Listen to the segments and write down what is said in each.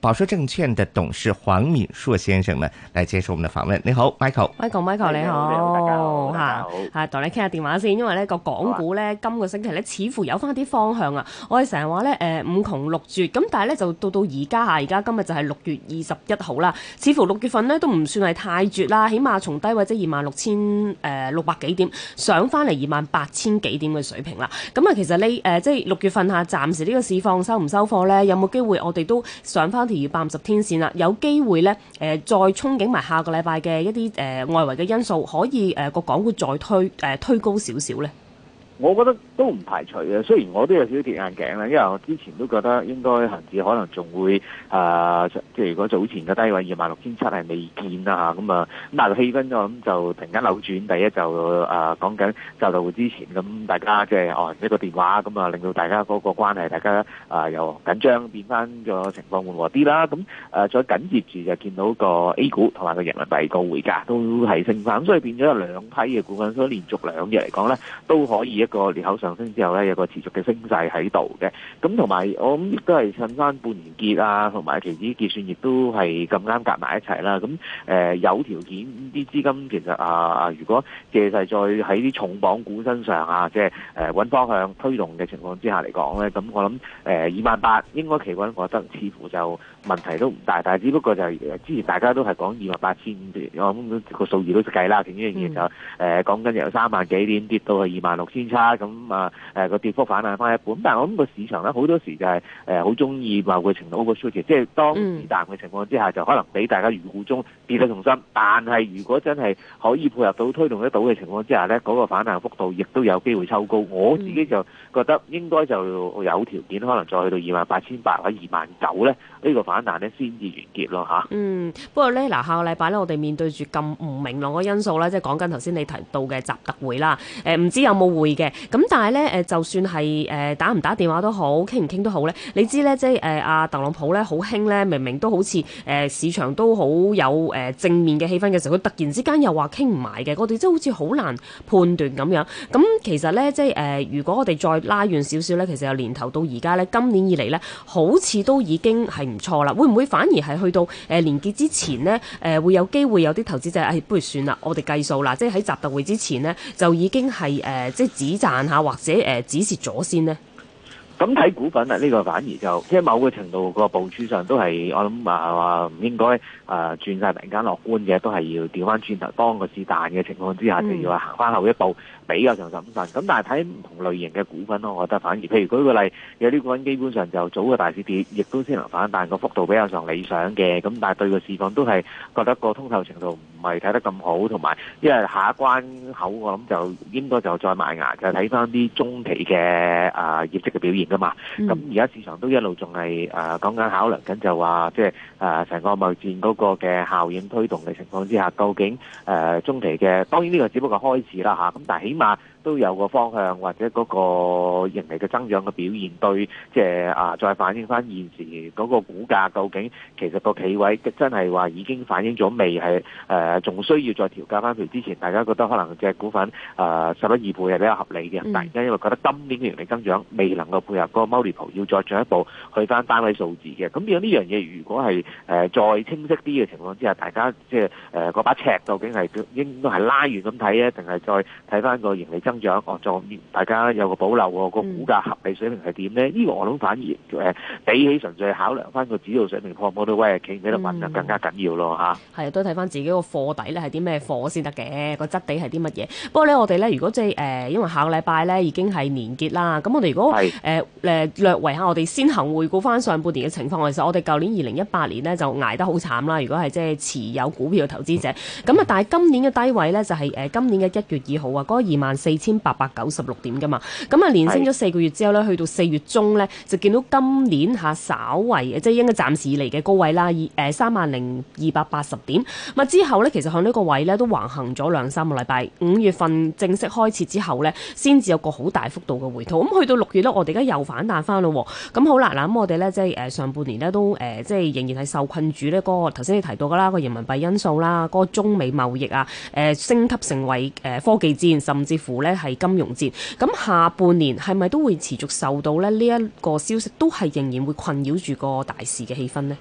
保說證券的董事黃敏碩先生呢，來接受我們的訪問。你好，Michael。Michael，Michael，Michael，你好。大家好。吓、啊，同、啊、你傾下電話先，因為呢、呢個港股呢，今、啊、個星期呢，似乎有翻啲方向啊。我哋成日話呢，誒、呃、五窮六絕，咁但係呢，就到到而家吓，而家今日就係六月二十一號啦。似乎六月份呢，都唔算係太絕啦，起碼從低位即二萬六千誒六百幾點上翻嚟二萬八千幾點嘅水平啦。咁、嗯、啊，其實呢，誒、呃、即係六月份下、啊、暫時呢個市況收唔收貨呢？有冇機會我哋都上翻？二百五十天線啦，有機會咧，誒再憧憬埋下個禮拜嘅一啲誒、呃、外圍嘅因素，可以誒個、呃、港股再推誒、呃、推高少少咧。我覺得都唔排除啊，雖然我都有少少跌眼鏡啦，因為我之前都覺得應該恆指可能仲會啊、呃，即如果早前嘅低位二萬六千七係未見啦，嚇咁啊，咁但係氣氛、嗯、就咁就突然間扭轉，第一就啊講緊就到之前咁，大家即係哦一個電話咁啊、嗯，令到大家嗰個關係大家啊又緊張變翻個情況緩和啲啦，咁、嗯、誒、啊、再緊接住就見到個 A 股同埋個人民幣個匯價都係升翻，所以變咗有兩批嘅股份，所以連續兩日嚟講咧都可以個裂口上升之後咧，有個持續嘅升勢喺度嘅，咁同埋我諗亦都係趁翻半年結啊，同埋期指結算亦都係咁啱夾埋一齊啦。咁誒、呃、有條件啲資金其實啊啊、呃，如果借勢再喺啲重磅股身上啊，即係誒揾方向推動嘅情況之下嚟講咧，咁我諗誒二萬八應該企穩，我覺得似乎就問題都唔大，但係只不過就係、之前大家都係講二萬八千五，我諗個數字都計啦。點樣嘢就誒講緊由三萬幾點跌到去二萬六千七。啊咁啊，誒個跌幅反彈翻一半，但係我諗個市場咧好多時就係誒好中意話個程度 overshoot 嘅，即係當止彈嘅情況之下，嗯、就可能俾大家預估中跌得重心。但係如果真係可以配合到推動得到嘅情況之下咧，嗰、嗰個反彈幅度亦都有機會抽高。我自己就覺得應該就有條件，可能再去到二萬八千八或者二萬九咧。呢個反彈咧先至完結咯嚇。啊、嗯，不過呢，嗱，下個禮拜咧，我哋面對住咁唔明朗嘅因素咧，即係講緊頭先你提到嘅習特會啦。誒、呃，唔知有冇會嘅？咁但係呢，誒，就算係誒打唔打電話都好，傾唔傾都好呢，你知呢，即係誒阿特朗普呢好興呢，明明都好似誒市場都好有誒正面嘅氣氛嘅時候，佢突然之間又話傾唔埋嘅。我哋真係好似好難判斷咁樣。咁其實呢，即係誒、呃，如果我哋再拉遠少少呢，其實由年頭到而家呢，今年以嚟呢，好似都已經係。唔錯啦，會唔會反而係去到誒、呃、年結之前呢？誒、呃、會有機會有啲投資者誒、哎，不如算啦，我哋計數啦，即係喺習特會之前呢，就已經係誒、呃、即係止賺吓或者誒、呃、止蝕咗先呢。咁睇股份啊，呢、這個反而就即係某個程度個部署上都係我諗話話唔應該。誒，轉曬突然間樂觀嘅，都係要調翻轉頭當個市彈嘅情況之下，就要行翻後一步比較上審慎。咁但係睇唔同類型嘅股份，我覺得反而，譬如舉個例，有啲股份基本上就早個大市跌，亦都先能反彈，個幅度比較上理想嘅。咁但係對個市況都係覺得個通透程度唔係睇得咁好，同埋因為下一關口，我諗就應該就再賣牙就，睇翻啲中期嘅誒業績嘅表現㗎嘛。咁而家市場都一路仲係誒講緊考慮緊，就話即係誒成個貿易戰嗰。個嘅效應推動嘅情況之下，究竟誒、呃、中期嘅，當然呢個只不過開始啦，吓咁，但係起碼。都有個方向或者嗰個盈利嘅增長嘅表現，對即係啊，再反映翻現時嗰個股價究竟其實個企位真係話已經反映咗未係？誒，仲需要再調價翻譬如之前，大家覺得可能隻股份啊十一二倍係比較合理嘅，但而家因為覺得今年嘅盈利增長未能夠配合嗰個 multiple，要再進一步去翻單位數字嘅。咁有呢樣嘢，如果係誒、呃、再清晰啲嘅情況之下，大家即係誒嗰把尺究竟係應該係拉遠咁睇，定係再睇翻個盈利增長？增長哦，就大家有個保留喎，個股價合理水平係點咧？呢、嗯、個我諗反而誒，比起純粹考量翻個指數水平破冇到位係，喺度問，問就更加緊要咯嚇。係、嗯嗯啊、都睇翻自己個貨底咧係啲咩貨先得嘅，個質地係啲乜嘢？不過咧，我哋咧如果即係誒，因為下個禮拜咧已經係年結啦，咁我哋如果誒誒是、呃、略為下，我哋先行回顧翻上半年嘅情況，其實我哋舊年二零一八年咧就捱得好慘啦。如果係即係持有股票嘅投資者，咁啊、嗯，但係今年嘅低位咧就係誒今年嘅一月二號啊，嗰二萬四。千八百九十六點㗎嘛，咁啊，連升咗四個月之後咧，去到四月中咧，就見到今年吓稍為即係應該暫時以嚟嘅高位啦，誒三萬零二百八十點。咁之後咧，其實向呢個位咧都橫行咗兩三個禮拜。五月份正式開始之後咧，先至有一個好大幅度嘅回吐。咁去到六月咧，我哋而家又反彈翻咯。咁好啦，嗱咁我哋咧即係誒上半年咧都誒即係仍然係受困住呢、那、嗰個頭先你提到嘅啦個人民幣因素啦，嗰、那個、中美貿易啊誒升級成為誒科技戰，甚至乎咧。咧係金融節，咁下半年係咪都會持續受到咧呢一個消息，都係仍然會困擾住個大市嘅氣氛咧？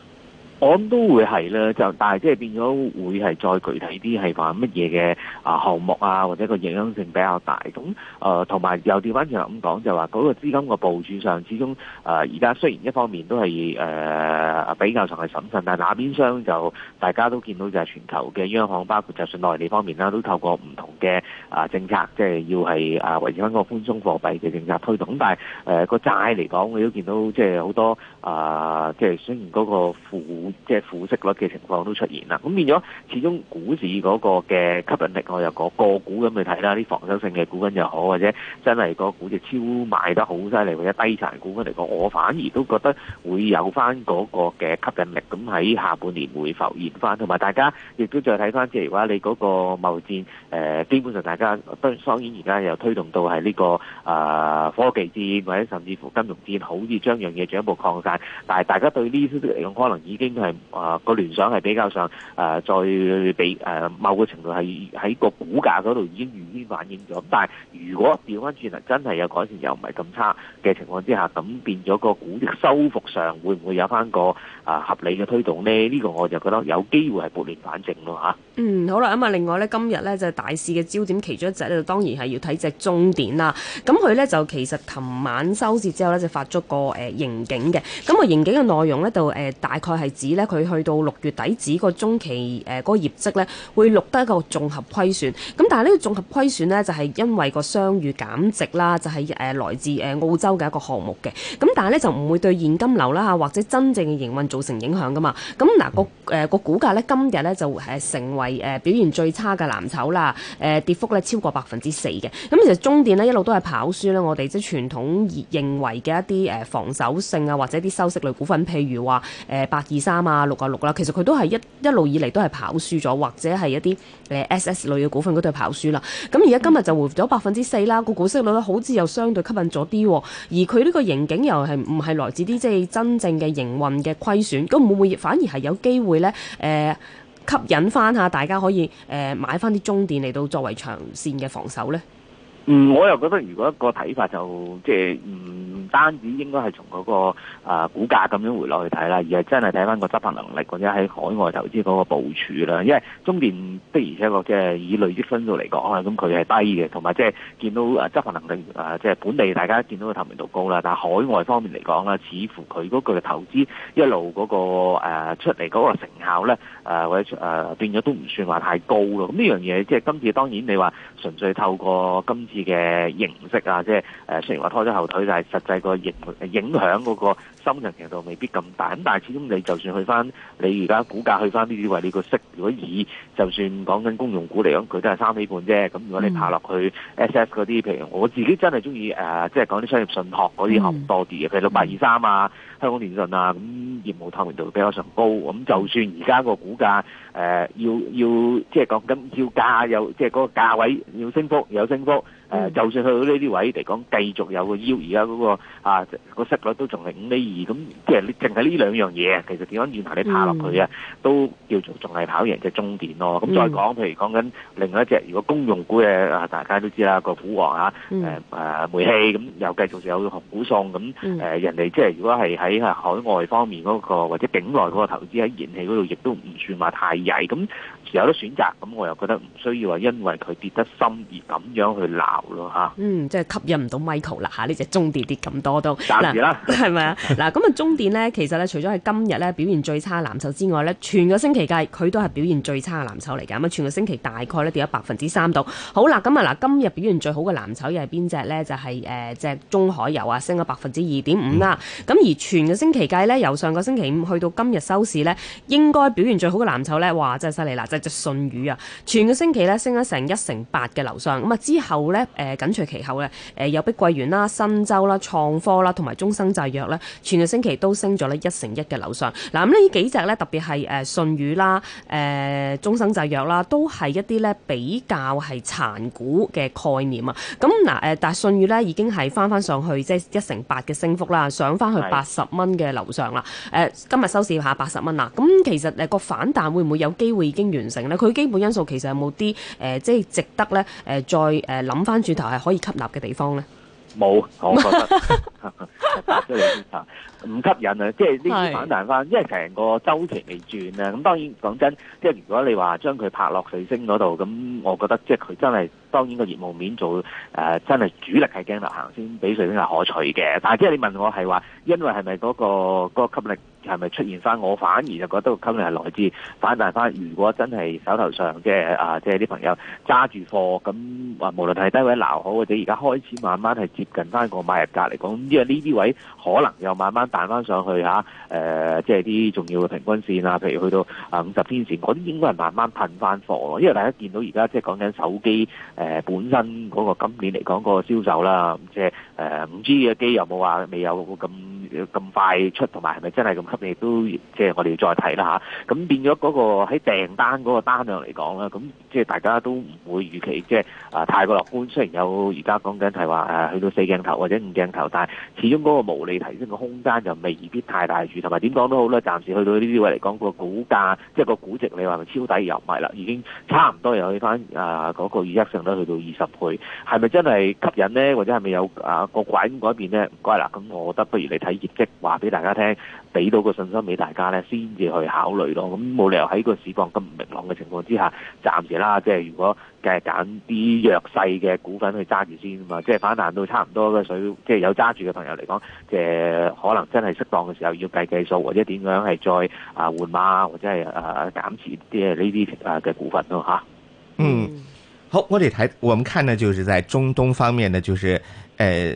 我諗都會係啦，就但係即係變咗會係再具體啲係話乜嘢嘅啊項目啊，或者個影響性比較大。咁誒同埋又掉返轉頭咁講，就話嗰個資金個部署上，始終誒而家雖然一方面都係誒比較上係審慎，但係那邊廂就大家都見到就係全球嘅央行，包括就算內地方面啦，都透過唔同嘅啊政策，即係要係啊維持返個寬鬆貨幣嘅政策推動。咁但係誒個債嚟講，我都見到即係好多啊，即係雖然嗰個負即係負息率嘅情況都出現啦，咁變咗始終股市嗰個嘅吸引力，我又講個股咁去睇啦，啲防守性嘅股份又好，或者真係個股就超賣得好犀利，或者低殘股份嚟講，我反而都覺得會有翻嗰個嘅吸引力，咁喺下半年會浮現翻。同埋大家亦都再睇翻，即係話你個貿易戰誒、呃，基本上大家當然當然而家又推動到係呢個誒、呃、科技戰，或者甚至乎金融戰，好似將樣嘢進一步擴散。但係大家對呢啲嚟講可能已經。係啊，呃那個聯想係比較上誒，在、呃、比誒、呃、某嘅程度係喺個股價嗰度已經預先反映咗。但係如果調翻轉頭，真係有改善又唔係咁差嘅情況之下，咁變咗個股修復上會唔會有翻個？合理嘅推動呢，呢、這個我就覺得有機會係撥亂反正咯吓，嗯，好啦，咁啊，另外呢，今日呢，就係、是、大市嘅焦點其中一隻咧，當然係要睇隻中電啦。咁佢呢，就其實琴晚收市之後呢，就發咗個誒盈警嘅。咁、那個盈警嘅內容呢，就、呃、誒大概係指呢，佢去到六月底止個中期誒嗰、呃那個業績咧會錄得一個綜合虧損。咁但係呢個綜合虧損呢，就係、是、因為個商譽減值啦，就係、是、誒來自誒澳洲嘅一個項目嘅。咁但係呢，就唔會對現金流啦或者真正嘅營運造。造成影響噶嘛？咁嗱、嗯，那個誒、呃、個股價咧，今日咧就誒成為誒、呃、表現最差嘅藍籌啦。誒、呃、跌幅咧超過百分之四嘅。咁、嗯、其實中電呢，一路都係跑輸啦。我哋即係傳統認為嘅一啲誒防守性啊，或者啲收息類股份，譬如話誒八二三啊、六啊、六啦，其實佢都係一一路以嚟都係跑輸咗，或者係一啲誒 S S 類嘅股份嗰度跑輸了啦。咁而家今日就回復咗百分之四啦，個股息率咧好似又相對吸引咗啲、啊，而佢呢個盈警又係唔係來自啲即係真正嘅營運嘅虧？咁會唔會反而係有機會咧？誒吸引翻下大家可以誒買翻啲中電嚟到作為長線嘅防守咧？嗯，我又覺得如果一個睇法就即係唔單止應該係從嗰個啊、呃、股價咁樣回落去睇啦，而係真係睇翻個執行能力，或者喺海外投資嗰個部署啦。因為中電的而且確即係以累積分數嚟講啦，咁佢係低嘅，同埋即係見到執行能力、呃、即係本地大家見到個透明度高啦，但係海外方面嚟講啦，似乎佢嗰個投資一路嗰、個、呃、出嚟嗰個成效咧，誒或者誒變咗都唔算話太高咯。咁、嗯、呢樣嘢即係今次當然你話純粹透過今次。嘅形式啊，即係誒，雖然話拖咗後腿，但係實際、個影影響嗰個深層程度未必咁大，咁但係始終你就算去翻，你而家股價去翻呢啲位，你個息如果以就算講緊公用股嚟講，佢都係三釐半啫。咁如果你爬落去 S.F. 嗰啲，譬如我自己真係中意誒，即係講啲商業信託嗰啲合多啲嘅，譬如六八二三啊、香港電訊啊，咁、嗯、業務透明度比較上高。咁就算而家、呃、個股價誒要要即係講緊要價有即係嗰個價位要升幅有升幅，誒、呃嗯、就算去到呢啲位嚟講，繼續有個腰、那個，而家嗰個啊、個息率都仲係五釐。咁即係你淨係呢兩樣嘢，其實點樣原來你踏落去啊，嗯、都叫做仲係跑贏隻中電囉。咯、嗯。咁再講，譬如講緊另一隻，如果公用股嘅，大家都知啦，個股王呀、啊，誒誒、嗯，煤氣咁又繼續有紅股送咁，呃嗯、人哋即係如果係喺海外方面嗰、那個或者境內嗰個投資喺燃氣嗰度，亦都唔算話太曳咁。有得選擇，咁我又覺得唔需要話，因為佢跌得深而咁樣去鬧咯吓，嗯，即係吸引唔到 Michael 啦嚇，呢、啊、隻、這個、中電跌咁多都。暫時啦，係咪啊？嗱， 咁啊，中電呢，其實咧，除咗喺今日咧表現最差藍籌之外咧，全個星期計佢都係表現最差嘅藍籌嚟㗎。咁啊，全個星期大概咧跌咗百分之三度。好啦，咁啊嗱，今日表現最好嘅藍籌又係邊隻咧？就係誒隻中海油、嗯、啊，升咗百分之二點五啦。咁而全個星期計咧，由上個星期五去到今日收市咧，應該表現最好嘅藍籌咧，哇！真係犀利啦，就舜宇啊，全個星期咧升咗成一成八嘅樓上，咁啊之後咧誒緊隨其後咧誒有碧桂園啦、新洲啦、創科啦，同埋中生製藥咧，全個星期都升咗咧一成一嘅樓上。嗱，咁呢幾隻咧，特別係誒舜宇啦、誒、呃、中生製藥啦，都係一啲咧比較係殘股嘅概念啊。咁嗱誒，但係舜宇咧已經係返返上去即係、就是、一成八嘅升幅啦，上返去八十蚊嘅樓上啦。誒是的 今日收市下八十蚊啦。咁其實誒個反彈會唔會有機會已經完？成咧，佢基本因素其實有冇啲誒，即係值得咧誒，再誒諗翻轉頭係可以吸納嘅地方咧？冇，我覺得唔 吸引啊！即係呢啲反彈翻，是因為成個周期未轉啊。咁當然講真，即係如果你話將佢拍落水星嗰度，咁我覺得即係佢真係。當然個業務面做誒、呃、真係主力係驚流行，先俾水平係可取嘅。但係即係你問我係話，因為係咪嗰個嗰、嗰個吸力係咪出現翻？我反而就覺得個吸力係來自反彈翻。如果真係手頭上即係啊，即係啲朋友揸住貨，咁話無論係低位撈好，或者而家開始慢慢係接近翻個買入價嚟講，因為呢啲位可能又慢慢彈翻上去嚇、呃。即係啲重要嘅平均線啊，譬如去到啊五十天線，嗰啲應該係慢慢噴翻貨咯。因為大家見到而家即係講緊手機。誒、呃、本身嗰個今年嚟講個銷售啦，即係五 G 嘅機有冇話未有咁咁快出同埋係咪真係咁吸引都，即係我哋要再睇啦吓，咁變咗嗰個喺訂單嗰個單量嚟講啦，咁即係大家都唔會預期即係、即係、啊太過樂觀。雖然有而家講緊係話去到四鏡頭或者五鏡頭，但係始終嗰個毛利提升嘅空間就未必太大住。同埋點講都好啦，暫時去到呢啲位嚟講、個股價，即、就、係、是、個估值，你話咪超低又唔係啦，已經差唔多又去返嗰個預測上都去到二十倍，係咪真係吸引呢？或者係咪有啊、個拐咁改變呢？唔該啦，咁我覺得不如你睇。業績話俾大家聽，俾到個信心俾大家咧，先至去考慮咯。咁冇理由喺個市況咁唔明朗嘅情況之下，暫時啦。即係如果嘅揀啲弱勢嘅股份去揸住先啊嘛。即係反彈到差唔多嘅水，即係有揸住嘅朋友嚟講，誒，可能真係適當嘅時候要計計數，或者點樣係再啊換馬，或者係啊減持啲誒呢啲啊嘅股份咯吓。嗯，好，我哋睇，我們看呢，就是在中東方面呢，就是誒。呃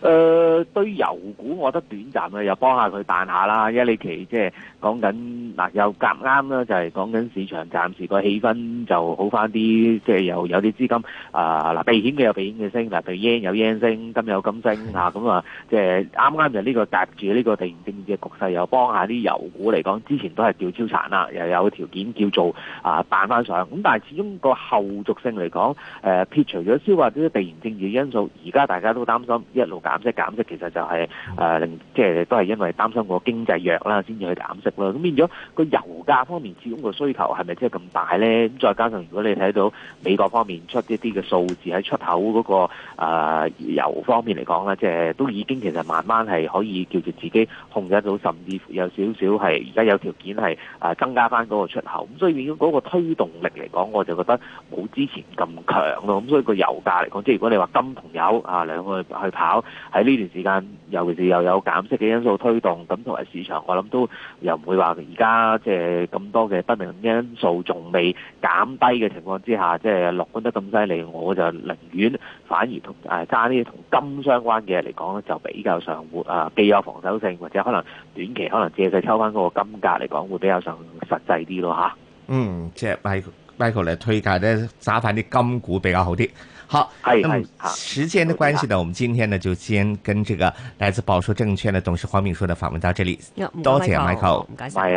誒、呃、對油股，我覺得短暫又幫下佢彈下啦。因為呢期即係講緊嗱，又夾啱啦，就係講緊市場暫時個氣氛就好翻啲，即係又有啲資金啊嗱、呃，避險嘅有避險嘅升，嗱避 yen 有 yen 升今有金升咁的啊，即係啱啱就呢、是這個夾住呢個地緣政治嘅局勢，又幫下啲油股嚟講，之前都係叫超殘啦，又有條件叫做啊彈翻上。咁但係始終個後續性嚟講，誒、呃、撇除咗消化啲地緣政治因素，而家大家都擔心一路。減息減息其實就係、是、令、呃，即係都係因為擔心個經濟弱啦，先至去減息啦。咁變咗個油價方面，始終個需求係咪真係咁大咧？咁再加上如果你睇到美國方面出一啲嘅數字喺出口嗰、那個、呃、油方面嚟講咧，即係都已經其實慢慢係可以叫做自己控制到，甚至乎有少少係而家有條件係誒增加返嗰個出口。咁所以變咗嗰個推動力嚟講，我就覺得冇之前咁強咯。咁所以個油價嚟講，即係如果你話金同油啊兩個人去跑。喺呢段時間，尤其是又有減息嘅因素推動，咁同埋市場，我諗都又唔會話而家即係咁多嘅不明的因素仲未減低嘅情況之下，即係樂觀得咁犀利，我就寧願反而同誒揸啲同金相關嘅嚟講咧，就比較上活誒、啊、既有防守性，或者可能短期可能借勢抽翻嗰個金價嚟講，會比較上實際啲咯吓，啊、嗯，即係 Michael Michael 嚟推介咧，揸翻啲金股比較好啲。好，那、嗯、麼、哎哎哎、時間的關係呢，好我們今天呢就先跟這個來自寶碩證券的董事黃敏碩的訪問到這裏，多謝 Michael，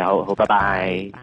好，好，拜拜。拜拜